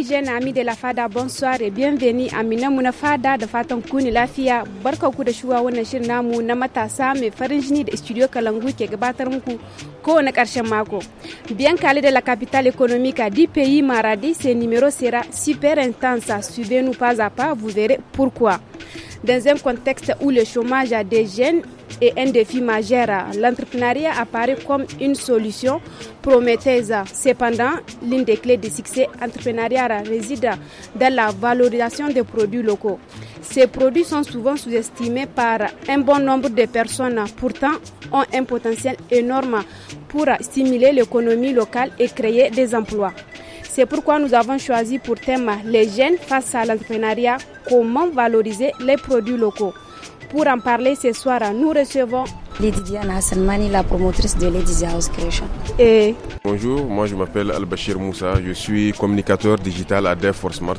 Nigerian ami de la Fada, bonsoir et bienvenue à Minamuna Fada da fatan kuni lafiya. Barka ku da shuwa wannan shirin namu na matasa mai farin jini da studio Kalangu ke gabatar muku kowane mako. Bien calé de la capitale économique à 10 pays Maradi, ce numéro sera super intense. Suivez-nous pas à pas, vous verrez pourquoi. Dans un contexte où le chômage des jeunes est un défi majeur, l'entrepreneuriat apparaît comme une solution prometteuse. Cependant, l'une des clés du succès entrepreneurial réside dans la valorisation des produits locaux. Ces produits sont souvent sous-estimés par un bon nombre de personnes, pourtant ont un potentiel énorme pour stimuler l'économie locale et créer des emplois. C'est pourquoi nous avons choisi pour thème les jeunes face à l'entrepreneuriat, comment valoriser les produits locaux. Pour en parler ce soir, nous recevons Lady Diana la promotrice de Lady House Creation. Et... Bonjour, moi je m'appelle Al-Bashir Moussa, je suis communicateur digital à Dev 4 Smart.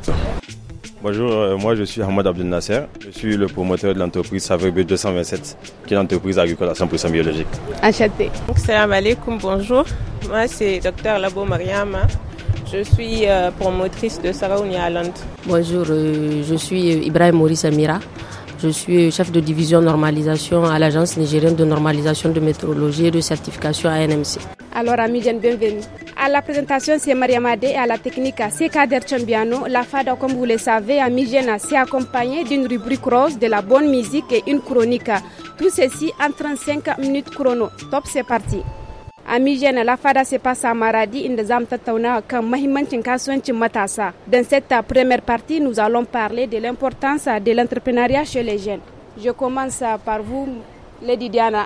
Bonjour, euh, moi je suis Hamad Abdel Nasser. Je suis le promoteur de l'entreprise b 227, qui est une entreprise agricole à 100% biologique. Enchanté. bonjour. Moi c'est Dr Labo Mariama. Je suis euh, promotrice de Savaounia Island. Bonjour, euh, je suis Ibrahim Maurice Amira. Je suis chef de division normalisation à l'Agence nigérienne de normalisation de métrologie et de certification ANMC. Alors, Amigène, bienvenue. À la présentation, c'est Maria et à la technique, c'est Kader Chambiano. La FADA, comme vous le savez, Amigène, s'est accompagné d'une rubrique rose, de la bonne musique et une chronique. Tout ceci en 35 minutes chrono. Top, c'est parti la Amijen Lafada Sepasa Maradi inda zam tattauna kan mahimmancin kasuwancin matasa. Dans cette première partie, nous allons parler de l'importance de l'entrepreneuriat chez les jeunes. Je commence par vous, Lady Diana.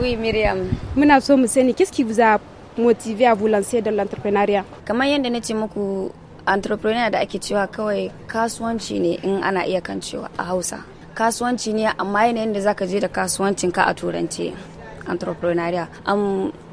Oui, Myriam. Mounasso Mousseni, qu'est-ce qui vous a motivé à vous lancer dans l'entrepreneuriat Kamar yanda na ce muku entrepreneur da ake cewa kawai kasuwanci ne in ana iya kan cewa a Hausa. Kasuwanci ne amma yanayin da zaka je da kasuwancinka a turance entrepreneuriat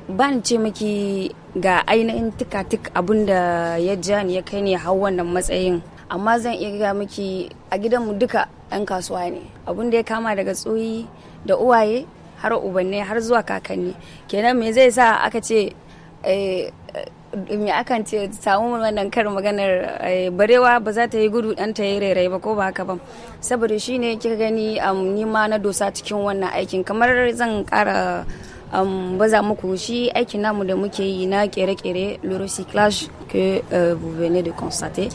ba ce maki ga ainihin tikatik abin da ya ja ni ya kai ni hau wannan matsayin amma zan iya ga miki a gidanmu duka 'yan kasuwa ne abin da ya kama daga tsoyi da uwaye har ubanne har zuwa kakanni kenan me zai sa aka ce eh, me akan ce samu wannan karin maganar eh, barewa ba za ta yi gudu dan ta yi rairai ba ko ba haka ba saboda shine kika gani ni ma na dosa cikin wannan aikin kamar zan kara um, baza ku shi aikin namu da muke yi na kere-kere le recyclage que euh, vous venez de constater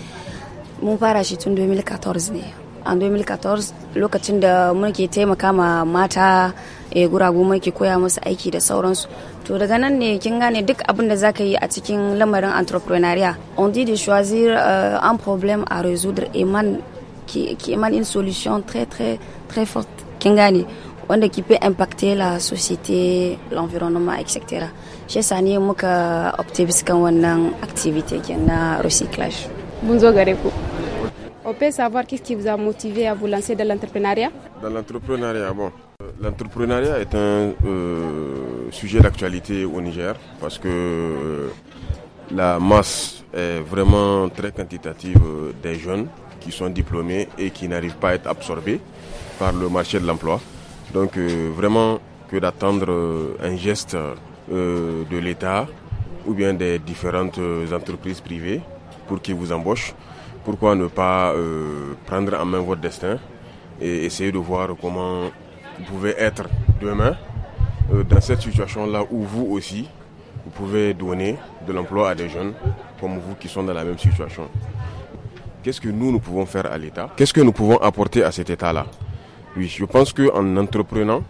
mun fara shi tun 2014 ne a 2014 lokacin da muke taimaka ma mata e, guragu muke koya musu aiki da sauransu to daga nan ne kin gane duk abin da zaka yi a cikin lamarin entrepreneuria on dit de choisir euh, un problème à résoudre et man qui, qui émane une solution très très très forte kin gane qui qui peut impacter la société, l'environnement, etc. Shi sani muka opte biskan wannan activité na recyclage. Mun zo On peut savoir qu'est-ce qui vous a motivé à vous lancer dans l'entrepreneuriat Dans l'entrepreneuriat, bon. Euh, l'entrepreneuriat est un euh, sujet d'actualité au Niger parce que euh, la masse est vraiment très quantitative des jeunes qui sont diplômés et qui n'arrivent pas à être absorbés par le marché de l'emploi. Donc euh, vraiment que d'attendre euh, un geste euh, de l'État ou bien des différentes entreprises privées pour qu'ils vous embauchent. Pourquoi ne pas prendre en main votre destin et essayer de voir comment vous pouvez être demain dans cette situation-là où vous aussi, vous pouvez donner de l'emploi à des jeunes comme vous qui sont dans la même situation. Qu'est-ce que nous, nous pouvons faire à l'État Qu'est-ce que nous pouvons apporter à cet État-là oui, je pense qu'en entreprenant,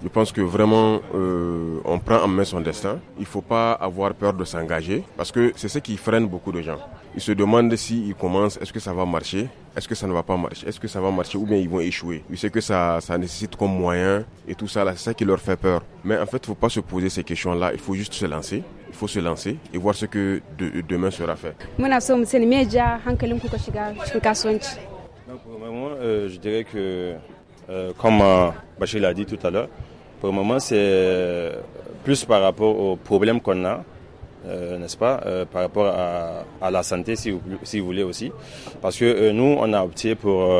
je pense que vraiment, euh, on prend en main son destin. Il ne faut pas avoir peur de s'engager parce que c'est ce qui freine beaucoup de gens. Ils se demandent s'ils commencent, est-ce que ça va marcher Est-ce que ça ne va pas marcher Est-ce que ça va marcher ou bien ils vont échouer Ils savent que ça, nécessite comme moyen et tout ça, c'est ça qui leur fait peur. Mais en fait, il ne faut pas se poser ces questions-là. Il faut juste se lancer. Il faut se lancer et voir ce que demain sera fait. Pour le moment, euh, je dirais que, euh, comme euh, Bachir l'a dit tout à l'heure, pour le moment, c'est plus par rapport aux problèmes qu'on a, n'est-ce pas, par rapport à, la santé, si vous, si vous voulez aussi. Parce que nous, on a opté pour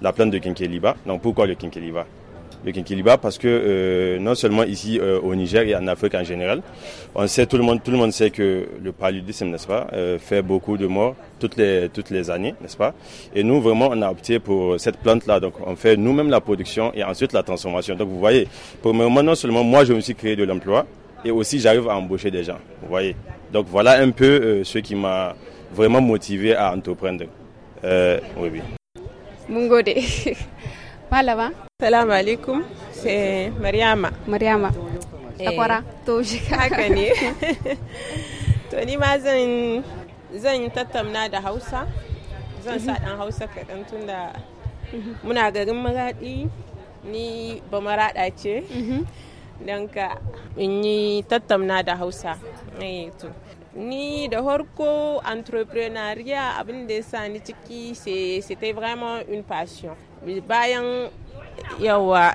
la plante de Kinkeliba. Donc, pourquoi le Kinkeliba parce que euh, non seulement ici euh, au Niger et en Afrique en général, on sait tout le monde tout le monde sait que le paludisme n'est-ce pas euh, fait beaucoup de morts toutes les toutes les années n'est-ce pas et nous vraiment on a opté pour cette plante là donc on fait nous-mêmes la production et ensuite la transformation donc vous voyez pour le moment non seulement moi je me suis créé de l'emploi et aussi j'arrive à embaucher des gens vous voyez donc voilà un peu ce qui m'a vraiment motivé à entreprendre oui oui Malama. Salamu alaikum, sai eh, Mariama. Mariama, Takwara, eh, to shi Haka ne. To ni ma zan tattauna da Hausa. Zan sa ɗan Hausa kaɗan tun da muna garin maraɗi ni ba maraɗa ce. Mhm. Don ka in yi tattauna da Hausa. Eh, ni da horko entrepreneuria abin da ya sa ni ciki c'était vraiment une passion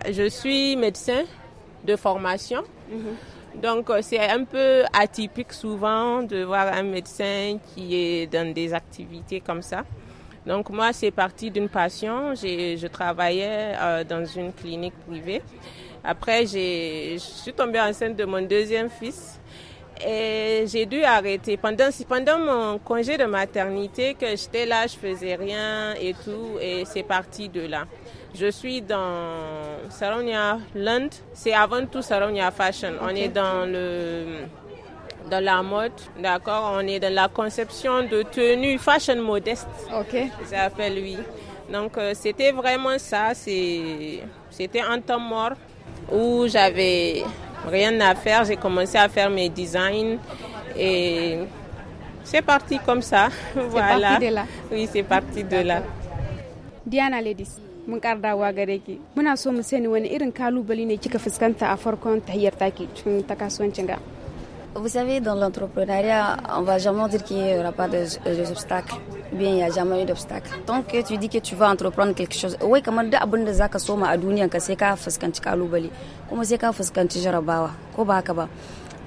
je suis médecin de formation. Mhm. Donc euh, c'est un peu atypique souvent de voir un médecin qui est dans des activités comme ça. Donc moi c'est parti d'une passion. Je travaillais euh, dans une clinique privée. Après je suis tombée enceinte de mon deuxième fils et j'ai dû arrêter. Pendant, pendant mon congé de maternité, que j'étais là, je faisais rien et tout, et c'est parti de là. Je suis dans Saronia Land, c'est avant tout Saronia Fashion. On est dans le dans la mode, d'accord On est dans la conception de tenues fashion modeste. Ok. Ça fait lui. Donc euh, c'était vraiment ça, c'était un temps mort où j'avais rien à faire. J'ai commencé à faire mes designs et c'est parti comme ça. voilà. Parti de là. Oui, c'est parti de là. Diana Ladies. mun kardawa gare ki muna so mu sani wani irin kalubale ne kika fuskanta a farkon tahiyar taki. cikin ta ga vous savez, dans l'entrepreneuriat, on va jamais dire qu'il n'y aura pas d'obstacles. Bien, il n'y a jamais eu d'obstacles. Tant que tu dis que tu vas entreprendre quelque chose, oui, jarabawa,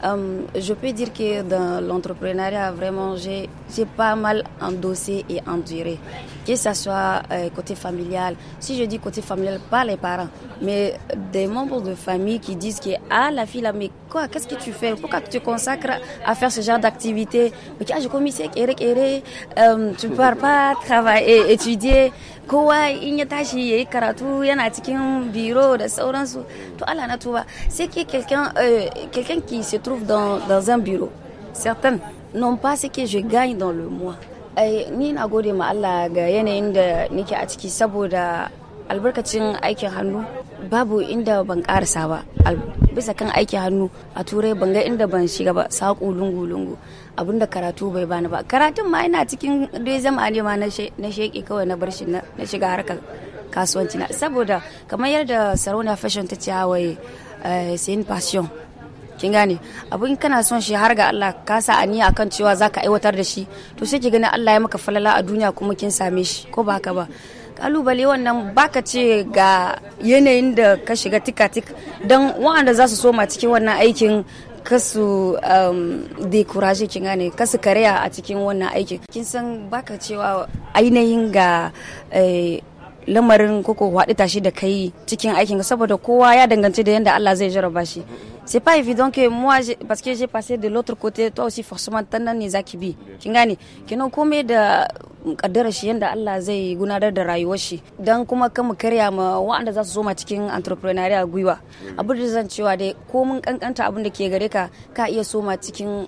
hum, je peux dire que dans l'entrepreneuriat, vraiment, j'ai pas mal endossé et enduré. Que ce soit euh, côté familial, si je dis côté familial, pas les parents, mais des membres de famille qui disent que, ah, la fille la quoi Qu'est-ce que tu fais Pourquoi tu te consacres à faire ce genre d'activité ah, je euh, Tu ne pars pas travailler, étudier. kowa in ya tashi ya yi karatu yana cikin biro da sauransu to Allah na tuba sai ke quelqu'un euh, quelqu'un qui se trouve dans dans un bureau certaines n'ont pas ce que je gagne dans le mois eh, ni na gode ma Allah ga yanayin da nake a ciki saboda albarkacin aikin hannu babu inda ban karasa ba bisa kan aiki hannu a turai ban ga inda ban shiga ba saƙo lungu lungu abinda karatu bai bani ba karatun ma ina cikin dai zama ne ma na sheƙi kawai na bar shi na shiga harkar kasuwanci na saboda kamar yadda sarauna fashion ta ce hawaye ah, eh, sayin passion kin gane abin kana son shi har ga Allah ka sa aniya akan cewa zaka aiwatar da shi to sai ki gani Allah ya maka falala a duniya kuma kin same shi ko ba haka ba kalubale wannan baka ce ga yanayin da ka shiga tikatik don wa'anda za su soma cikin wannan aikin kasu um, dekuraje kin gane kasu kariya a cikin wannan aikin kin san baka cewa ainihin ga eh, lamarin koko haɗu tashi da kai cikin aikin saboda kowa ya danganci da yadda Allah zai jarraba shi c'est pas évident que moi parce que j'ai passé de l'autre côté toi aussi forcément tu ne zaki bi kin gane kina komai da kaddara shi yanda Allah zai gudanar da rayuwar shi dan kuma kan mu karya mu wanda za su zo ma cikin entrepreneurial gwiwa abin da zan cewa dai ko mun kankanta abin da ke gare ka ka iya cikin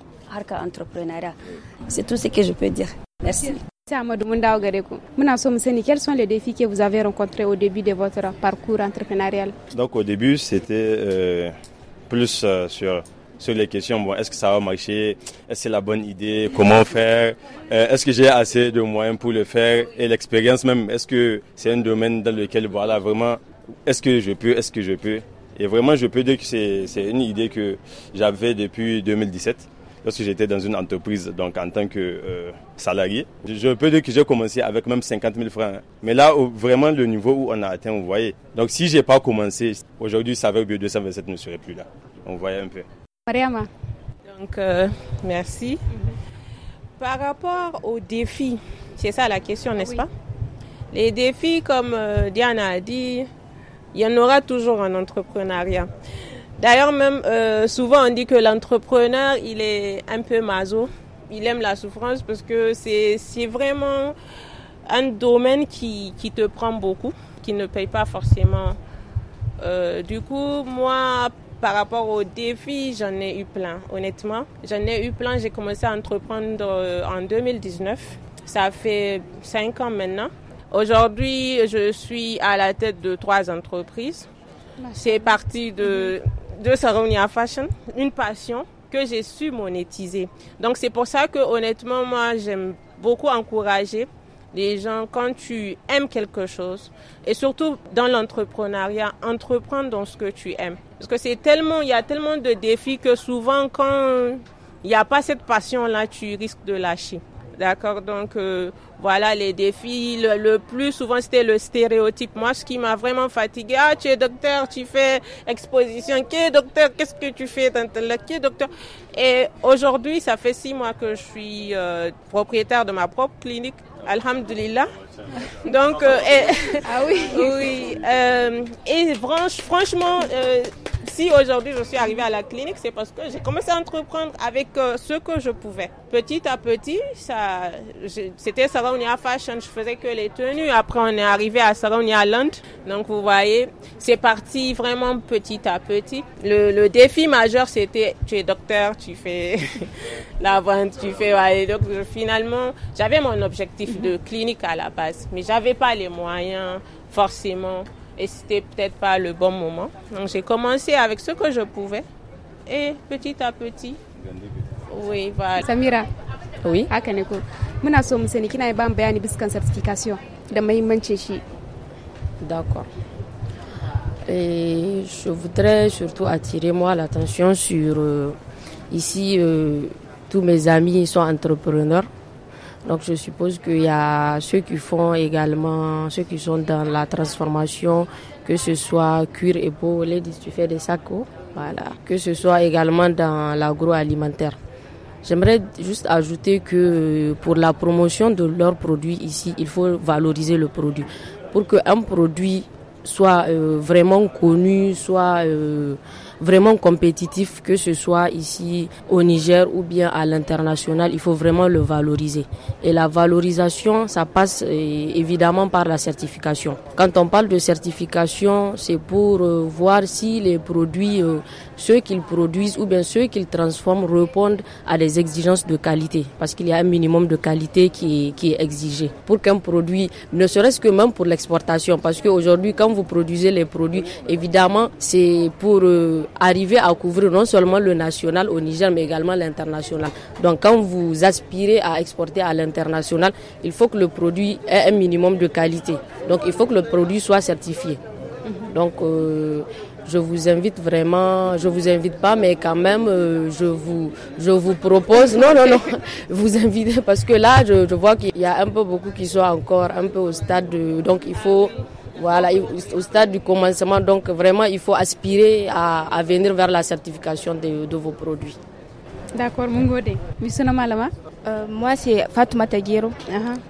c'est tout ce que je peux dire merci Muna so mu sani quels sont les défis que vous avez rencontrés au début de votre parcours entrepreneurial Donc au début c'était euh, plus euh, sur, sur les questions, bon, est-ce que ça va marcher, est-ce que c'est la bonne idée, comment faire, euh, est-ce que j'ai assez de moyens pour le faire et l'expérience même, est-ce que c'est un domaine dans lequel, voilà, vraiment, est-ce que je peux, est-ce que je peux. Et vraiment, je peux dire que c'est une idée que j'avais depuis 2017. Parce que j'étais dans une entreprise, donc en tant que euh, salarié. Je peux dire que j'ai commencé avec même 50 000 francs. Hein. Mais là, vraiment, le niveau où on a atteint, vous voyez. Donc si je n'ai pas commencé, aujourd'hui, Saveur Bio 227 ne serait plus là. On voyait un peu. Mariama. Donc, euh, merci. Mhm. Par rapport aux défis, c'est ça la question, n'est-ce pas Les défis, comme euh, Diana a dit, il y en aura toujours en entrepreneuriat. D'ailleurs, même euh, souvent on dit que l'entrepreneur, il est un peu maso. Il aime la souffrance parce que c'est vraiment un domaine qui, te prend beaucoup, qui ne paye pas forcément. Euh, du coup, moi, par rapport aux défis, j'en ai eu plein, honnêtement. J'en ai eu plein. J'ai commencé à entreprendre euh, en 2019. Ça fait cinq ans maintenant. Aujourd'hui, je suis à la tête de trois entreprises. C'est parti de mhm de à Fashion, une passion que j'ai su monétiser. Donc c'est pour ça que honnêtement, moi, j'aime beaucoup encourager les gens quand tu aimes quelque chose et surtout dans l'entrepreneuriat, entreprendre dans ce que tu aimes. Parce que c'est tellement, il y a tellement de défis que souvent quand il n'y a pas cette passion-là, tu risques de lâcher. D'accord, donc euh, voilà les défis. Le, plus souvent, c'était le stéréotype. Moi, ce qui m'a vraiment fatigué, ah, tu es docteur, tu fais exposition, qui est docteur, qu'est-ce que tu fais, qui docteur. Et aujourd'hui, ça fait six mois que je suis euh, propriétaire de ma propre clinique. Alhamdulillah. Donc, euh, et, ah oui. oui et franchement, si aujourd'hui je suis arrivée à la clinique, c'est parce que j'ai commencé à entreprendre avec euh, ce que je pouvais. Petit à petit, ça, c'était Saraunia Fashion, je faisais que les tenues. Après, on est arrivé à Saraunia Land. Donc, vous voyez, c'est parti vraiment petit à petit. Le, défi majeur, c'était tu es docteur, tu fais la vente, tu fais. Donc, finalement, j'avais mon objectif de clinique à la base, mais j'avais pas les moyens forcément et c'était peut-être pas le bon moment. Donc j'ai commencé avec ce que je pouvais et petit à petit. Oui, voilà. Samira. Oui. Ah, Muna so kina certification da D'accord. Et je voudrais surtout attirer moi l'attention sur euh, ici euh, tous mes amis sont entrepreneurs donc je suppose qu'il y a ceux qui font également, ceux qui sont dans la transformation, que ce soit cuir et peau, les tu fais des sacs, voilà. que ce soit également dans l'agroalimentaire. J'aimerais juste ajouter que pour la promotion de leurs produits ici, il faut valoriser le produit. Pour qu'un produit soit euh, vraiment connu, soit... Euh, vraiment compétitif, que ce soit ici au Niger ou bien à l'international, il faut vraiment le valoriser. Et la valorisation, ça passe euh, évidemment par la certification. Quand on parle de certification, c'est pour euh, voir si les produits, euh, ceux qu'ils produisent ou bien ceux qu'ils transforment, répondent à des exigences de qualité. Parce qu'il y a un minimum de qualité qui est, qui est exigé pour qu'un produit, ne serait-ce que même pour l'exportation. Parce qu'aujourd'hui, quand vous produisez les produits, évidemment, c'est pour arriver à couvrir non seulement le national au Niger, mais également l'international. Donc quand vous aspirez à exporter à l'international, il faut que le produit ait un minimum de qualité. Donc il faut que le produit soit certifié. Donc euh, je vous invite vraiment, je vous invite pas, mais quand même, euh, je vous, je vous propose, non, non, non, vous invitez parce que là, je, vois qu'il y a un peu beaucoup qui sont encore un peu au stade donc il faut voilà, au stade du commencement, donc vraiment, il faut aspirer à, venir vers la certification de, vos produits. D'accord, Mungode. Euh, moi, c'est Fatma Taguero.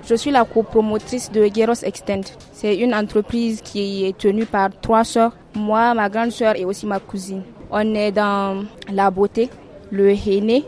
Je suis la copromotrice de Gueros Extend. C'est une entreprise qui est tenue par trois sœurs, moi, ma grande sœur et aussi ma cousine. On est dans la beauté, le henné.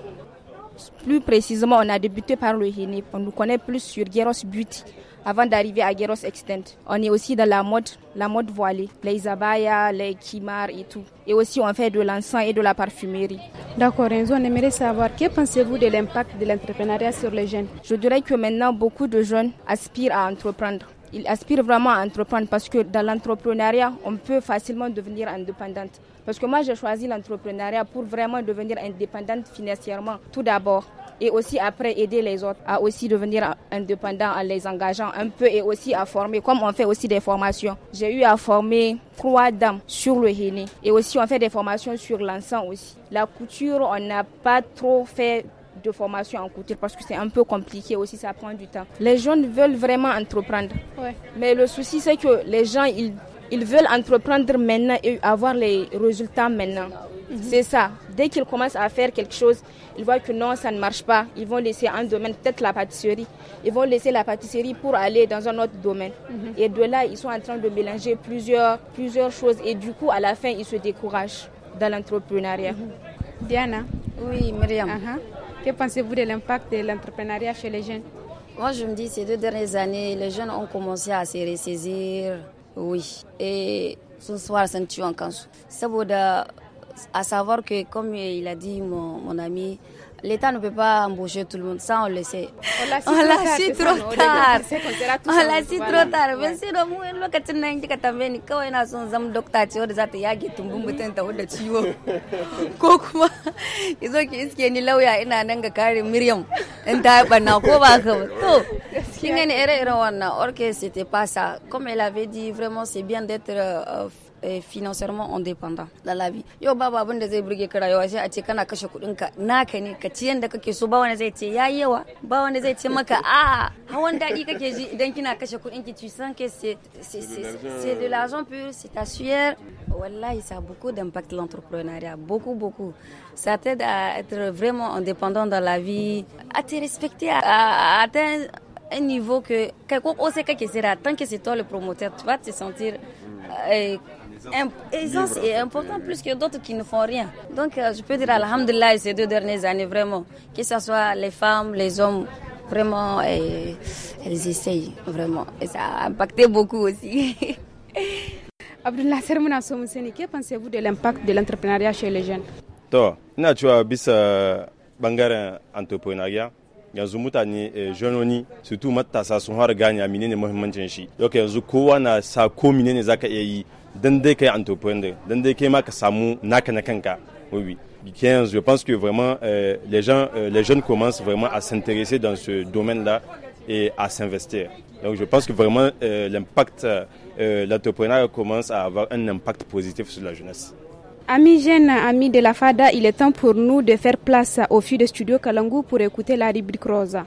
Plus précisément, on a débuté par le henné. On nous connaît plus sur Gueros Beauty avant d'arriver à Geros Extent. On est aussi dans la mode, la mode voilée, les abayas, les kimars et tout. Et aussi, on fait de l'encens et de la parfumerie. D'accord, Renzo, on aimerait savoir, que pensez-vous de l'impact de l'entrepreneuriat sur les jeunes Je dirais que maintenant, beaucoup de jeunes aspirent à entreprendre Ils aspirent vraiment à entreprendre parce que dans l'entrepreneuriat, on peut facilement devenir indépendante. Parce que moi, j'ai choisi l'entrepreneuriat pour vraiment devenir indépendante financièrement, tout d'abord et aussi après aider les autres à aussi devenir indépendants en les engageant un peu et aussi à former, comme on fait aussi des formations. J'ai eu à former trois dames sur le henné et aussi on fait des formations sur l'encens aussi. La couture, on n'a pas trop fait de formation en couture parce que c'est un peu compliqué aussi, ça prend du temps. Les jeunes veulent vraiment entreprendre. Mais le souci, c'est que les gens, ils ils veulent entreprendre maintenant et avoir les résultats maintenant. Mhm. C'est ça. Dès qu'ils commencent à faire quelque chose, ils voient que non, ça ne marche pas. Ils vont laisser un domaine, peut-être la pâtisserie. Ils vont laisser la pâtisserie pour aller dans un autre domaine. Mhm. Et de là, ils sont en train de mélanger plusieurs, plusieurs choses. Et du coup, à la fin, ils se découragent dans l'entrepreneuriat. Mhm. Diana Oui, Myriam. Que pensez-vous de l'impact de l'entrepreneuriat chez les jeunes Moi, je me dis, ces deux dernières années, les jeunes ont commencé à se ressaisir Oui. Et sun fara san ciwon kansu. Saboda à savoir que, comme il a dit mon, mon ami, l'État ne peut pas embaucher tout le monde, ça on le sait. On l'a su trop tard. On l'a su trop tard. sai da mu lokacin nan kika tambayi ni kawai na son zama dokta ce wadda ya ta yage tumbun mutum ta wadda ciwo. Ko kuma ki ki iske ni lauya ina nan ga kare Miriam in ta haɓa na ko ba ka ba. Or que c'était pas ça. Comme elle avait dit, vraiment, c'est bien d'être euh, euh financièrement indépendant dans la vie. Yo baba abin da zai burge ka rayuwa sai a ce kana kashe kuɗin ka naka cas. ka ci yanda kake so ba wanda zai ce yayi yawa ba wanda zai ce maka a j'ai daɗi kake ji idan kina kashe kuɗin ki tu sens que c'est c'est de l'argent pur c'est ta sueur wallahi ça a beaucoup d'impact l'entrepreneuriat beaucoup beaucoup ça t'aide à être vraiment indépendant dans la vie à te respecter à, à atteindre un niveau que tant que c'est toi le promoteur, tu vas te sentir euh, et important plus que d'autres qui ne font rien. Donc, euh, je peux dire Alhamdulillah ces deux dernières années, vraiment, que ce soit les femmes, les hommes, vraiment, elles essayent, vraiment. Et ça a impacté beaucoup aussi. Abdullah Sermouna ce que pensez-vous de l'impact de l'entrepreneuriat chez les jeunes? To, na entrepreneuriat yanzu mutane eh, janoni surtout matasa sun har gane menene muhimmancin shi yau yanzu kowa na sa ko menene zaka iya yi dan dai kai entrepreneur dan dai kai ma ka samu naka na kanka oui Quinze, je pense que vraiment euh, les, gens, euh, les jeunes commencent vraiment à s'intéresser dans ce domaine-là et à s'investir. Donc je pense que vraiment euh, l'impact, eh, l'entrepreneuriat commence à avoir un impact positif sur la jeunesse. Amis jeunes, amis de la FADA, il est temps pour nous de faire place au fil de studio Kalangu pour écouter la rubrique Rosa.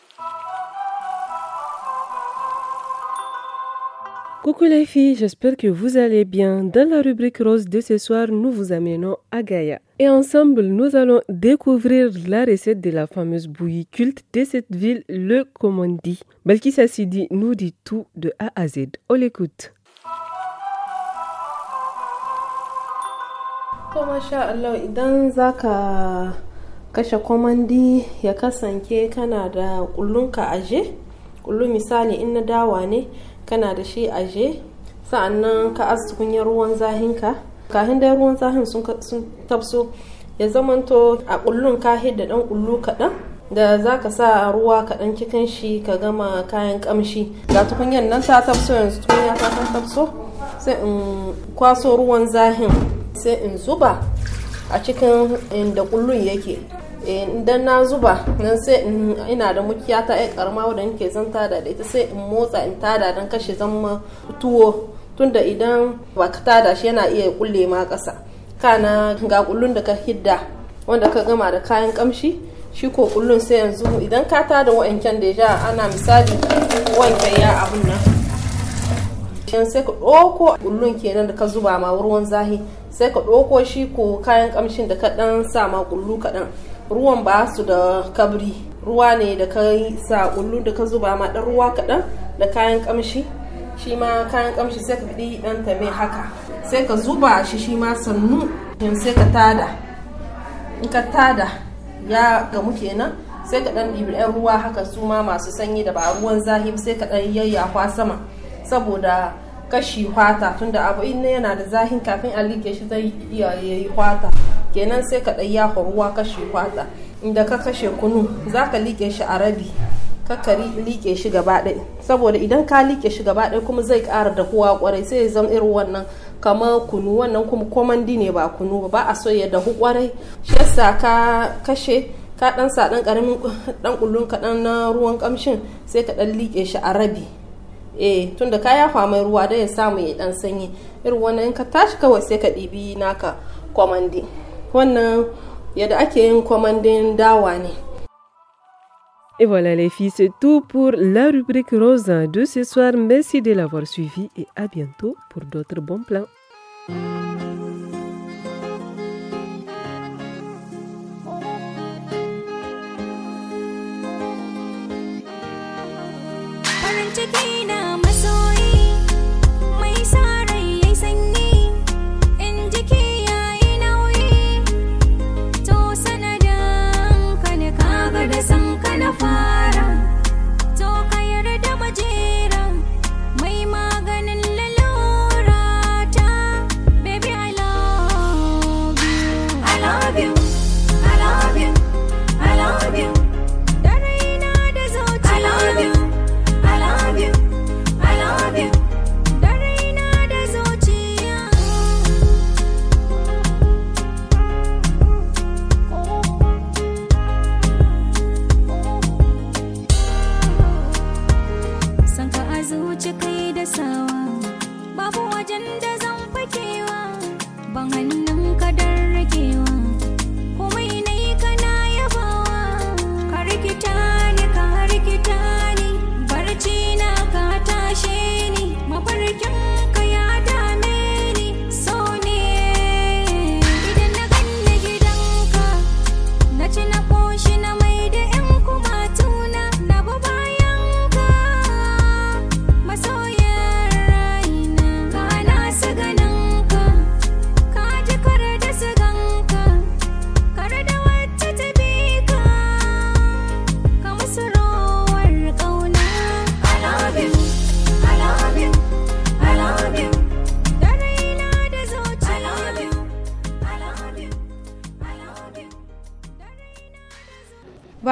Coucou les filles, j'espère que vous allez bien. Dans la rubrique rose de ce soir, nous vous amenons à Gaïa. Et ensemble, nous allons découvrir la recette de la fameuse bouillie culte de cette ville, le komondi. Balkissa Sidi nous dit tout de A à Z. On l'écoute. To Allah idan zaka kashe komandi ya kasance kana da kullun ka aje, kullu misali in na dawa ne kana da shi aje sa'annan ka tukunyar ruwan zahinka kahin da ruwan zahin sun tafso ya zamanto a kullun ka da dan kullu kaɗan da za ka sa ruwa kaɗan cikin shi ka gama kayan kamshi ga tukunyar nan ta tafso yanzu tukunya ta san tafso sai in kwaso ruwan zahin sai in zuba a cikin inda kullun yake Eh, idan na zuba nan sai ina da mukiya ta ai karama wadda nke zan tada da ita sai in motsa in tada don kashe zama tuwo tunda idan ba ka tada shi yana iya kulle ma ƙasa kana ga kullun da ka hidda wanda ka gama da kayan kamshi shi ko kullun sai yanzu idan ka tada wa'ancan da ja ana misali wanke ya abun nan yan sai ka ɗauko kullun kenan da ka zuba ma ruwan zahi sai ka ɗauko shi ko kayan kamshin da ka ɗan sa ma kullu kaɗan ruwan ba su da kabri ruwa ne da ka sa kullu da ka zuba ma dan ruwa kaɗan da kayan kamshi shi ma kayan kamshi sai ka fiɗi ɗan tame haka sai ka zuba shi shi ma sannu sai ka tada in ka tada ya gamu kenan sai ka ɗan ɗibi ɗan ruwa haka su ma masu sanyi da ba ruwan zafi sai ka ɗan yayyafa sama saboda kashi hwata tunda abu in yana da zahin kafin a shi zai iya yayi kwata. kenan sai ka ɗaya ruwa kashe kwata inda ka kashe kunu za ka liƙe shi a rabi ka liƙe shi gaba ɗaya saboda idan ka liƙe shi gaba ɗaya kuma zai ƙara da kowa ƙwarai sai ya zama irin wannan kamar kunu wannan kuma komandi ne ba kunu ba a so ya dahu ƙwarai shi yasa ka kashe ka ɗan sa ɗan ƙaramin ɗan ƙullun kaɗan na ruwan ƙamshin sai ka ɗan liƙe shi a rabi eh tunda ka ya mai ruwa da ya samu ya ɗan sanyi irin wannan in ka tashi kawai sai ka ɗibi naka komandi Et voilà les filles, c'est tout pour la rubrique rose de ce soir. Merci de l'avoir suivi et à bientôt pour d'autres bons plans. fire.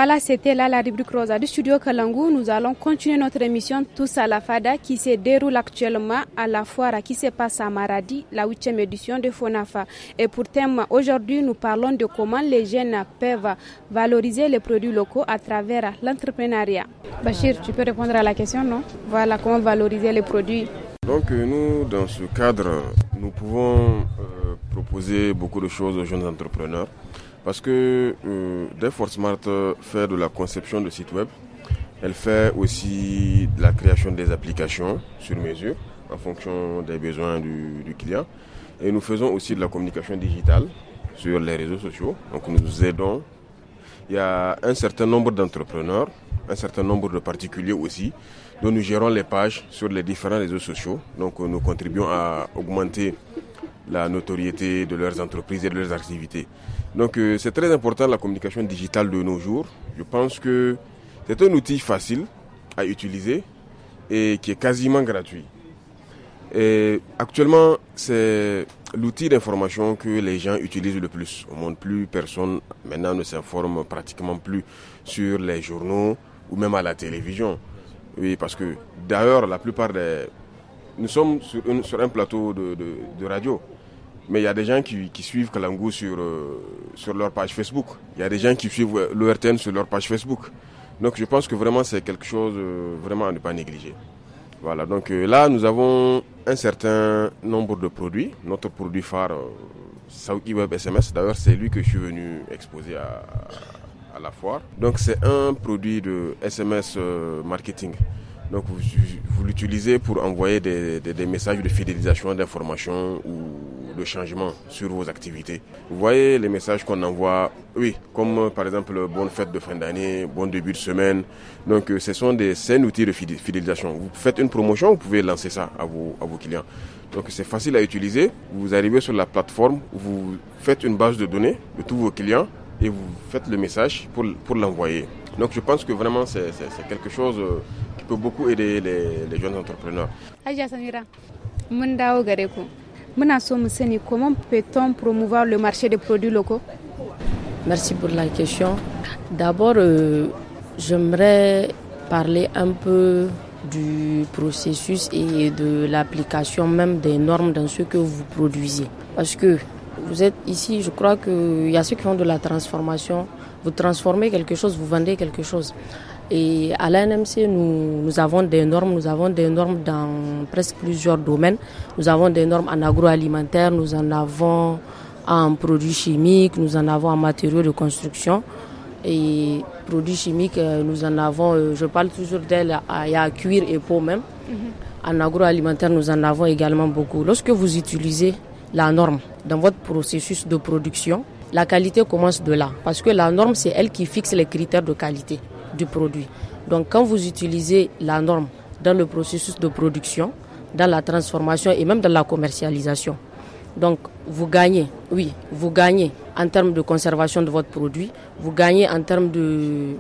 Voilà, c'était là la rubrique Rosa du studio Kalangu. Nous allons continuer notre émission Tous à la Fada qui se déroule actuellement à la foire qui se passe à Maradi, la huitième édition de FONAFA. Et pour thème, aujourd'hui, nous parlons de comment les jeunes peuvent valoriser les produits locaux à travers l'entrepreneuriat. Bachir, tu peux répondre à la question, non Voilà, comment valoriser les produits. Donc euh, nous, dans ce cadre, nous pouvons euh, proposer beaucoup de choses aux jeunes entrepreneurs parce que euh, Smart fait de la conception de sites web, elle fait aussi de la création des applications sur mesure en fonction des besoins du, du client. Et nous faisons aussi de la communication digitale sur les réseaux sociaux. Donc nous aidons. Il y a un certain nombre d'entrepreneurs, un certain nombre de particuliers aussi, dont nous gérons les pages sur les différents réseaux sociaux. Donc nous contribuons à augmenter la notoriété de leurs entreprises et de leurs activités. Donc euh, c'est très important la communication digitale de nos jours. Je pense que c'est un outil facile à utiliser et qui est quasiment gratuit. Et actuellement, c'est l'outil d'information que les gens utilisent le plus au monde. Plus personne maintenant ne s'informe pratiquement plus sur les journaux ou même à la télévision. Oui, parce que d'ailleurs, la plupart des... Nous sommes sur, un plateau de radio. Mais il y a des gens qui, qui suivent Kalangu sur, euh, sur leur page Facebook. Il y a des gens qui suivent euh, l'ORTN sur leur page Facebook. Donc je pense que vraiment c'est quelque chose euh, vraiment à ne pas négliger. Voilà, donc là nous avons un certain nombre de produits. Notre produit phare, Saoki Web SMS, d'ailleurs c'est lui que je suis venu exposer à, la foire. Donc c'est un produit de SMS marketing. Donc vous, l'utilisez pour envoyer des, des messages de fidélisation, d'information ou le changement sur vos activités. Vous voyez les messages qu'on envoie, oui, comme euh, par exemple euh, bonne fête de fin d'année, bon début de semaine. Donc euh, ce sont des sains outils de fidélisation. Vous faites une promotion, vous pouvez lancer ça à vos, à vos clients. Donc c'est facile à utiliser. Vous arrivez sur la plateforme, vous faites une base de données de tous vos clients et vous faites le message pour, pour l'envoyer. Donc je pense que vraiment c'est quelque chose qui peut beaucoup aider les, jeunes entrepreneurs. Samira, comment peut-on promouvoir le marché des produits locaux Merci pour la question. D'abord, euh, j'aimerais parler un peu du processus et de l'application même des normes dans ce que vous produisez. Parce que vous êtes ici, je crois qu'il y a ceux qui font de la transformation. Vous transformez quelque chose, vous vendez quelque chose. Et à l'ANMC, nous, avons des normes, nous avons des normes dans presque plusieurs domaines. Nous avons des normes en agroalimentaire, nous en avons en produits chimiques, nous en avons en matériaux de construction. Et produits chimiques, euh, nous en avons, euh, je parle toujours d'elle. il y a cuir et peau même. En agroalimentaire, nous en avons également beaucoup. Lorsque vous utilisez la norme dans votre processus de production, la qualité commence de là, parce que la norme, c'est elle qui fixe les critères de qualité du produit. Donc quand vous utilisez la norme dans le processus de production, dans la transformation et même dans la commercialisation, donc vous gagnez, oui, vous gagnez en termes de conservation de votre produit, vous gagnez en termes de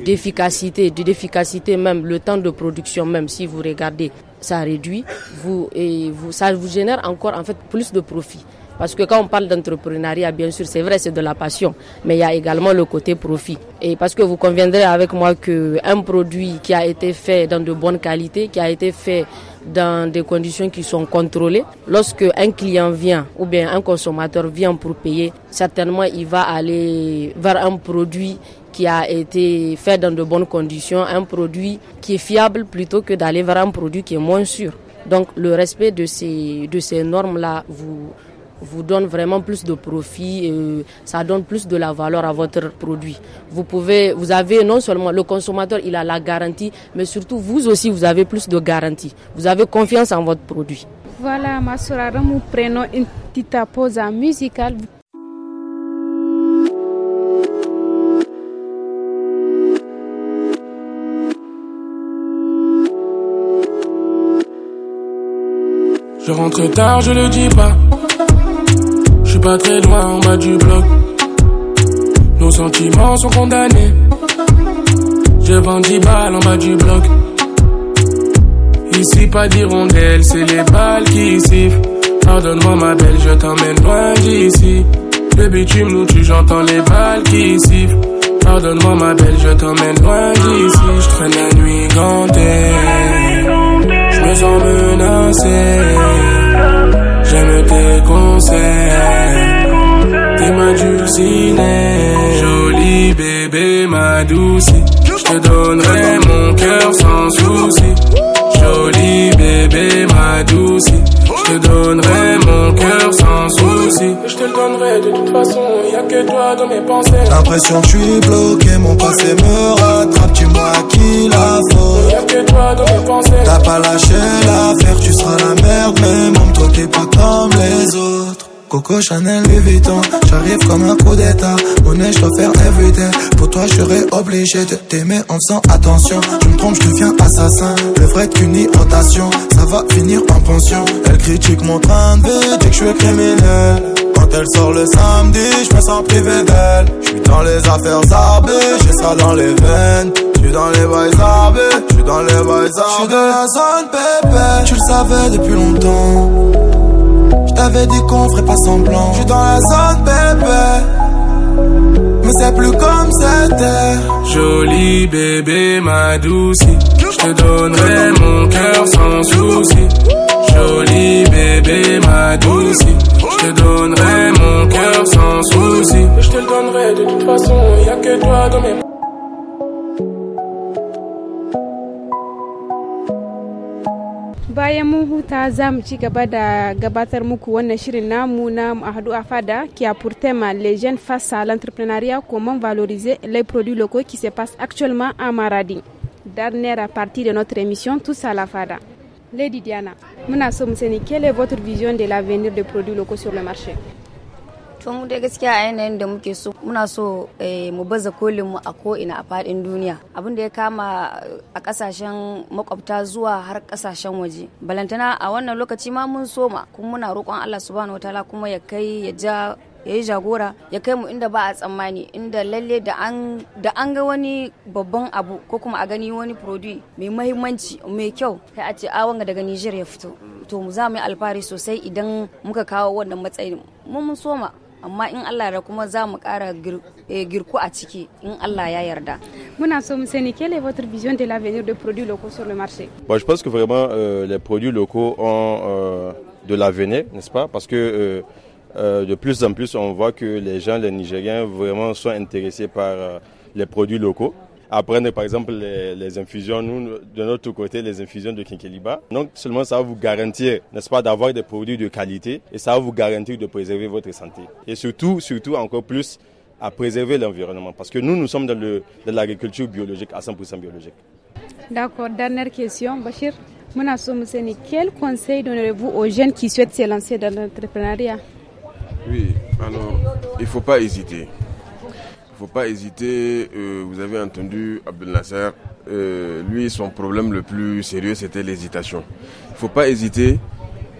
d'efficacité, d'efficacité même, le temps de production même, si vous regardez, ça réduit, vous, et ça vous génère encore en fait plus de profit. Parce que quand on parle d'entrepreneuriat, bien sûr, c'est vrai, c'est de la passion, mais il y a également le côté profit. Et parce que vous conviendrez avec moi qu'un produit qui a été fait dans de bonnes qualités, qui a été fait dans des conditions qui sont contrôlées. Lorsque un client vient ou bien un consommateur vient pour payer, certainement il va aller vers un produit qui a été fait dans de bonnes conditions, un produit qui est fiable plutôt que d'aller vers un produit qui est moins sûr. Donc le respect de ces, de ces normes-là vous, vous donne vraiment plus de profit, et euh, ça donne plus de la valeur à votre produit. Vous pouvez, vous avez non seulement le consommateur, il a la garantie, mais surtout vous aussi, vous avez plus de garantie. Vous avez confiance en votre produit. Voilà, ma soeur, nous prenons une petite pause musicale. Je rentre tard, je le dis pas. Je suis pas très loin en bas du bloc. Nos sentiments sont condamnés. J'ai 20 balles en bas du bloc. Ici, pas d'hirondelle, c'est les balles qui sifflent. Pardonne-moi, ma belle, je t'emmène loin d'ici. Le tu me tu j'entends les balles qui sifflent. Pardonne-moi, ma belle, je t'emmène loin d'ici. Je traîne la nuit gantée. Je me sens menacée J'aime tes conseils, t'es ma dulcinée. Jolie bébé, ma douce, je te donnerai mon cœur sans souci. joli bébé, ma douce, je te donnerai mon cœur. Je te le donnerai de toute façon, y'a que toi dans mes pensées. L'impression que je suis bloqué, mon passé me rattrape, tu moi qui la faute. Y'a que toi dans mes pensées. T'as pas lâché l'affaire, tu seras la merde, même toi t'es pas comme les autres. Coco Chanel Louis Vuitton J'arrive comme un coup d'état nez je dois faire éviter Pour toi je serai obligé de t'aimer en faisant attention Tu me trompes je deviens assassin Le vrai qu'une rotation Ça va finir en pension Elle critique mon train de vie que je suis criminel Quand elle sort le samedi Je me sens privé d'elle Je suis dans les affaires arbées J'ai ça dans les veines J'suis dans les boys arbées J'suis dans les boys Je suis de la zone pépé Tu le savais depuis longtemps j'avais dit qu'on ferait pas semblant. J'suis dans la zone, bébé. Mais c'est plus comme c'était. Joli bébé, ma douce. J'te donnerai mon cœur sans souci. Joli bébé, ma douce. J'te donnerai mon cœur sans souci. J'te le donnerai de toute façon, Y'a a que toi dans mes bayan mun huta za ci gaba da gabatar muku wannan shirin namu na afada qui a pour thème les jeunes face à l'entrepreneuriat comment valoriser les produits locaux qui se passent actuellement à Maradi dernière partie de notre émission tous à la fada Lady Diana, Muna Somseni, quelle est votre vision de l'avenir des produits locaux sur le marché tun da gaskiya a yanayin da muke so muna so eh, mu baza kolin mu a ko ko'ina a fadin duniya abin da ya kama a kasashen makwabta zuwa har kasashen waje balantana a wannan lokaci ma mun soma kuma muna roƙon allah subhanahu wataala kuma ya kai ya ja ya yi jagora ya kai mu inda ba a tsammani inda lalle da an ga wani babban abu ko kuma a gani wani produit mai mahimmanci mai kyau sai a ce a wanga daga Niger ya fito to mu za mu yi alfahari sosai idan muka kawo wannan matsayin mun soma amma in Allah za mu eh, girku a ciki in Allah ya yarda. Muna so quelle est votre vision de l'avenir des produits locaux sur le marché? Bon, bah, je pense que vraiment euh, les produits locaux ont euh, de l'avenir, n'est-ce pas? Parce que euh, de plus en plus on voit que les gens, les Nigériens, vraiment sont intéressés par les produits locaux à prendre par exemple les, infusions, nous, de notre côté, les infusions de Kinkeliba. Donc seulement ça va vous garantir, n'est-ce pas, d'avoir des produits de qualité et ça va vous garantir de préserver votre santé. Et surtout, surtout encore plus, à préserver l'environnement parce que nous, nous sommes dans, dans l'agriculture biologique, à 100% biologique. D'accord, dernière question, Bachir. Quel conseil donnerez-vous aux jeunes qui souhaitent se lancer dans l'entrepreneuriat Oui, alors, il ne faut pas hésiter faut pas hésiter. Euh, vous avez entendu Abdel Nasser. Euh, lui, son problème le plus sérieux, c'était l'hésitation. Il faut pas hésiter.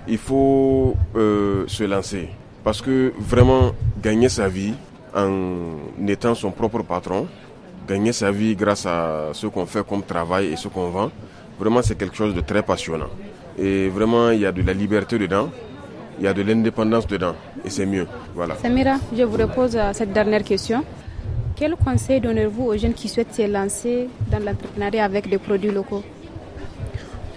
Il faut euh, se lancer. Parce que vraiment, gagner sa vie en étant son propre patron, gagner sa vie grâce à ce qu'on fait comme travail et ce qu'on vend, vraiment, c'est quelque chose de très passionnant. Et vraiment, il y a de la liberté dedans il y a de l'indépendance dedans et c'est mieux. Voilà. Samira, je vous repose cette dernière question. Quel conseil donnez-vous aux jeunes qui souhaitent se lancer dans l'entrepreneuriat avec des produits locaux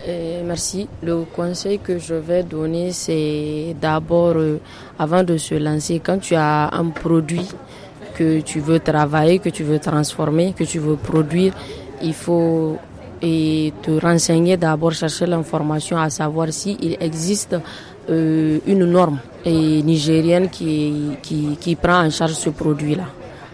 euh, merci. Le conseil que je vais donner, c'est d'abord, euh, avant de se lancer, quand tu as un produit que tu veux travailler, que tu veux transformer, que tu veux produire, il faut te renseigner d'abord, chercher l'information à savoir s'il existe euh, une norme nigérienne qui, qui prend en charge ce produit-là.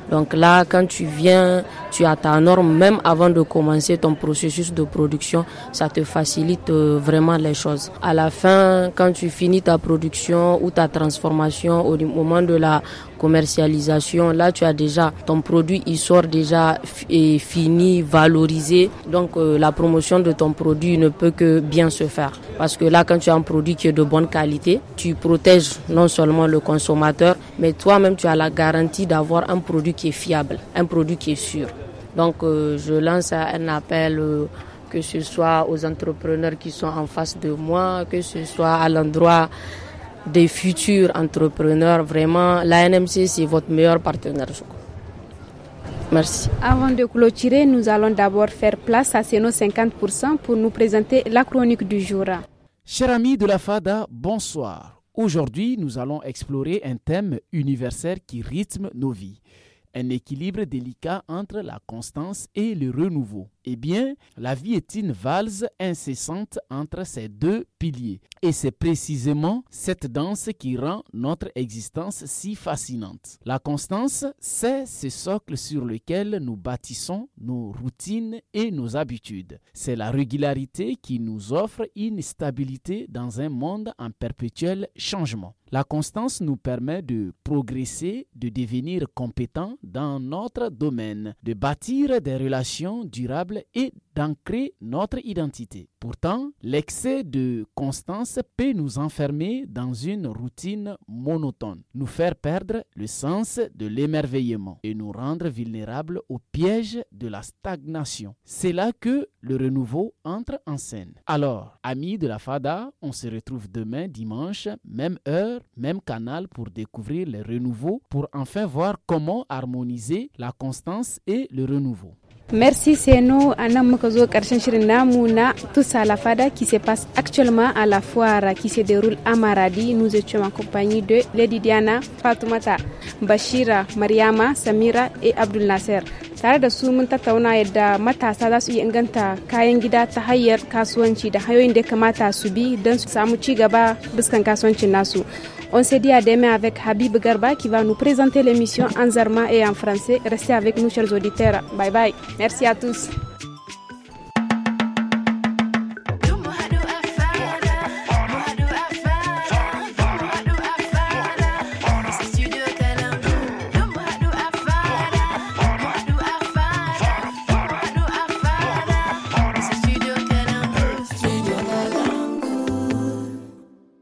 Donc là, quand tu viens tu as ta norme même avant de commencer ton processus de production. Ça te facilite euh, vraiment les choses. À la fin, quand tu finis ta production ou ta transformation au moment de la commercialisation, là tu as déjà ton produit, il sort déjà et fini, valorisé. Donc euh, la promotion de ton produit ne peut que bien se faire. Parce que là, quand tu as un produit qui est de bonne qualité, tu protèges non seulement le consommateur, mais toi-même tu as la garantie d'avoir un produit qui est fiable, un produit qui est sûr. Donc euh, je lance un appel euh, que ce soit aux entrepreneurs qui sont en face de moi, que ce soit à l'endroit des futurs entrepreneurs. Vraiment, la NMC c'est votre meilleur partenaire. Merci. Avant de clôturer, nous allons d'abord faire place à Seno 50% pour nous présenter la chronique du jour. Chers ami de la FADA, bonsoir. Aujourd'hui, nous allons explorer un thème universel qui rythme nos vies un équilibre délicat entre la constance et le renouveau. Eh bien, la vie est une valse incessante entre ces deux piliers. Et c'est précisément cette danse qui rend notre existence si fascinante. La constance, c'est ce socle sur lequel nous bâtissons nos routines et nos habitudes. C'est la régularité qui nous offre une stabilité dans un monde en perpétuel changement. La constance nous permet de progresser, de devenir compétents dans notre domaine, de bâtir des relations durables et d'ancrer notre identité. Pourtant, l'excès de constance peut nous enfermer dans une routine monotone, nous faire perdre le sens de l'émerveillement et nous rendre vulnérables au piège de la stagnation. C'est là que le renouveau entre en scène. Alors, amis de la FADA, on se retrouve demain dimanche, même heure, même canal pour découvrir le renouveau, pour enfin voir comment harmoniser la constance et le renouveau. Merci nous, nous Mokozo Karchenchirina Mouna, tous à la FADA qui se passe actuellement à la foire qui se déroule à Maradi. Nous étions en compagnie de Lady Diana, Fatoumata, Bashira, Mariama, Samira et Abdul Nasser tare da su mun tattauna yadda matasa za su iya inganta kayan gida ta hanyar kasuwanci da hanyoyin da ya kamata su bi don su samu ci gaba biskan kasuwancin nasu On se dit à demain avec Habib Garba qui va nous présenter l'émission en zarma et en français. Restez avec nous, chers auditeurs. Bye bye. Merci à tous.